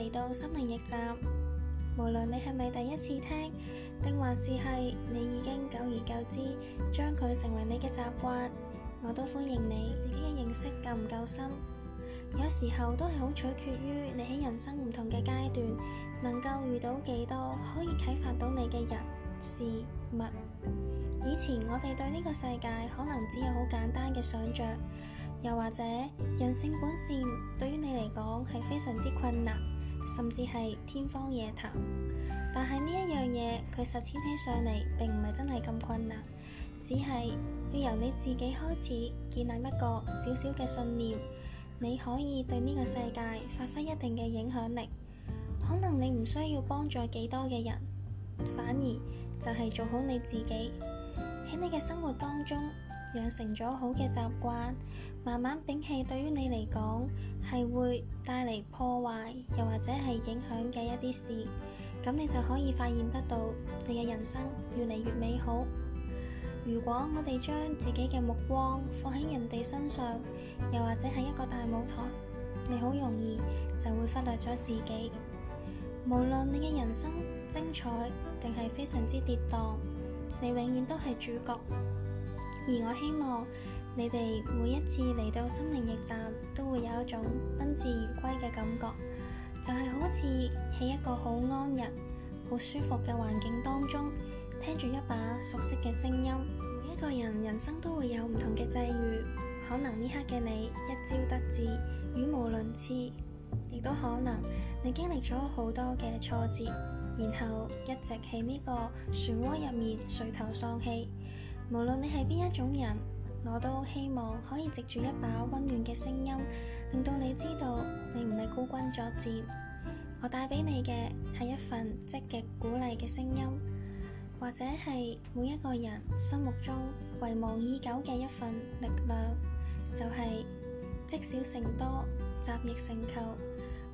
嚟到心靈驛站，無論你係咪第一次聽，定還是係你已經久而久之將佢成為你嘅習慣，我都歡迎你。自己嘅認識夠唔夠深？有時候都係好取決於你喺人生唔同嘅階段能夠遇到幾多可以啟發到你嘅人事物。以前我哋對呢個世界可能只有好簡單嘅想象，又或者人性本善，對於你嚟講係非常之困難。甚至係天方夜譚，但係呢一樣嘢，佢實踐起上嚟，並唔係真係咁困難，只係要由你自己開始建立一個小小嘅信念，你可以對呢個世界發揮一定嘅影響力。可能你唔需要幫助幾多嘅人，反而就係做好你自己喺你嘅生活當中。養成咗好嘅習慣，慢慢摒棄對於你嚟講係會帶嚟破壞，又或者係影響嘅一啲事，咁你就可以發現得到你嘅人生越嚟越美好。如果我哋將自己嘅目光放喺人哋身上，又或者係一個大舞台，你好容易就會忽略咗自己。無論你嘅人生精彩定係非常之跌宕，你永遠都係主角。而我希望你哋每一次嚟到心靈驛站，都會有一種賓至如歸嘅感覺，就係、是、好似喺一個好安逸、好舒服嘅環境當中，聽住一把熟悉嘅聲音。每一個人人生都會有唔同嘅際遇，可能呢刻嘅你一朝得志，語無倫次，亦都可能你經歷咗好多嘅挫折，然後一直喺呢個漩渦入面垂頭喪氣。無論你係邊一種人，我都希望可以藉住一把溫暖嘅聲音，令到你知道你唔係孤軍作戰。我帶俾你嘅係一份積極鼓勵嘅聲音，或者係每一個人心目中遺忘已久嘅一份力量，就係積少成多，集腋成裘。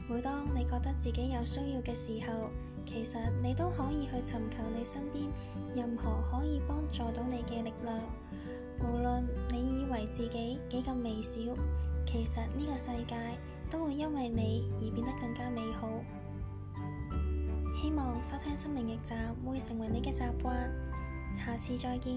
每當你覺得自己有需要嘅時候，其實你都可以去尋求你身邊任何可以幫助到你嘅力量，無論你以為自己幾咁微小，其實呢個世界都會因為你而變得更加美好。希望收聽心靈驛站會成為你嘅習慣，下次再見。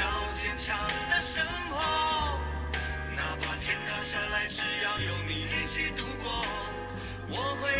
堅強的生活，哪怕天塌下來，只要有你一起度過，我會。